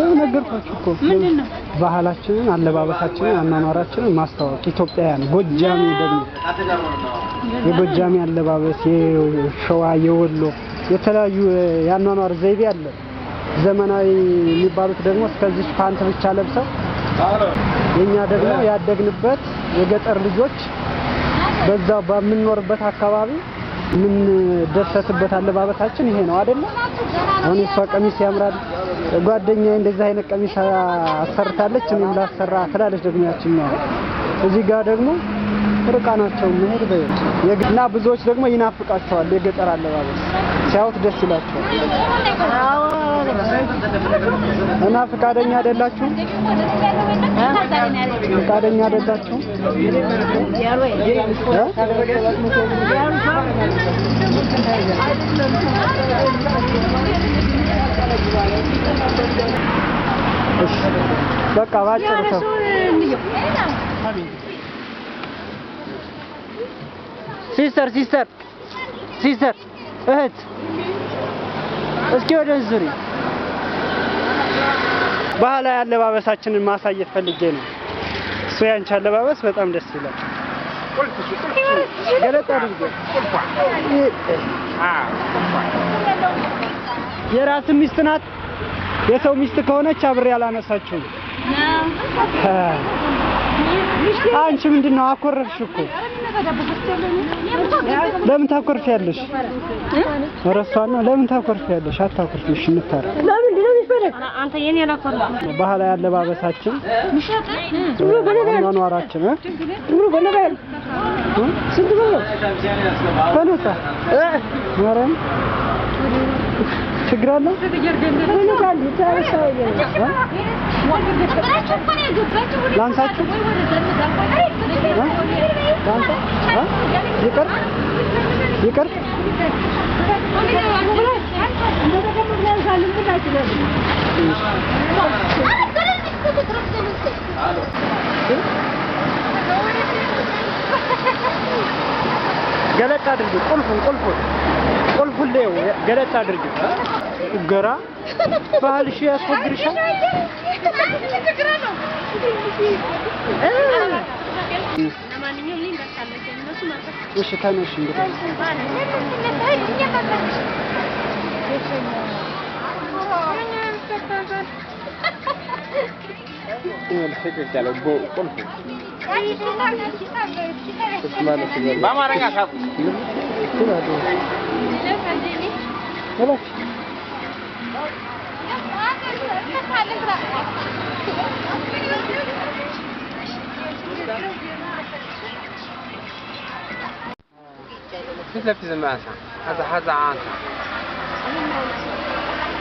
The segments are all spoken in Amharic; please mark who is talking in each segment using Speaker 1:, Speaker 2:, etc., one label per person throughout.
Speaker 1: ያው ነገርኳችሁ እኮ ነው ባህላችንን፣ አለባበሳችንን፣ አኗኗራችንን ማስተዋወቅ ኢትዮጵያውያን፣ ጎጃሚ ደግሞ የጎጃሚ አለባበስ፣ የሸዋ፣ የወሎ የተለያዩ የአኗኗር ዘይቤ አለ። ዘመናዊ የሚባሉት ደግሞ እስከዚህ ፓንት ብቻ ለብሰው፣ የኛ ደግሞ ያደግንበት የገጠር ልጆች በዛ በምንኖርበት አካባቢ የምንደሰትበት አለባበሳችን ይሄ ነው አይደለ? አሁን የሷ ቀሚስ ያምራል። ጓደኛዬ እንደዚህ አይነት ቀሚስ አሰርታለች፣ እኔም ላሰራ ትላለች። ደግሞ ያችኛው እዚህ ጋር ደግሞ ርቃናቸው መሄድ እና ብዙዎች ደግሞ ይናፍቃቸዋል። የገጠር አለባበስ ሲያዩት ደስ ይላቸዋል። እና ፈቃደኛ አይደላችሁም? ፈቃደኛ አይደላችሁም? በቃ ባጭሩ ሰው ሲስተር ሲስተር ሲስተር እህት እስኪ ወደ ዙሪ ባህላዊ አለባበሳችንን ማሳየት ፈልጌ ነው። እሱ ያንቺ አለባበስ በጣም ደስ ይላል። ገለጥ አድርጎ የራስ ሚስት ናት። የሰው ሚስት ከሆነች አብሬ አላነሳችሁም። አንቺ ምንድን ነው አኮረፍሽ እኮ። ለምን ታኮርፊያለሽ? እረሷ ነው። ለምን ታኮርፊያለሽ? አታኮርፊሽ እንታረቅ ባህላዊ አለባበሳችን አኗኗራችን ስንት ብሎ ተነሳ ማርያም ችግር አለ ላንሳችሁ ይቅር ይቅር ገለጥ አድርጊ። ቁልፉን ቁልፉን ቁልፉን ለው ገለጥ አድርጊ። ገራ ባህልሽ ያስወግድሻል። እሺ ተነሽ እንግዲህ Tiene el secret de los go, por favor. Vamos a arrancar, Sapo. Espera, مثل في زمان هذا هذا عانسة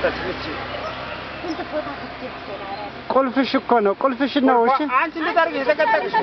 Speaker 1: تثبت ቁልፍሽ እኮ ነው። ቁልፍሽ ነው። እሺ አንቺ እንዴት የተቀጠቅሽ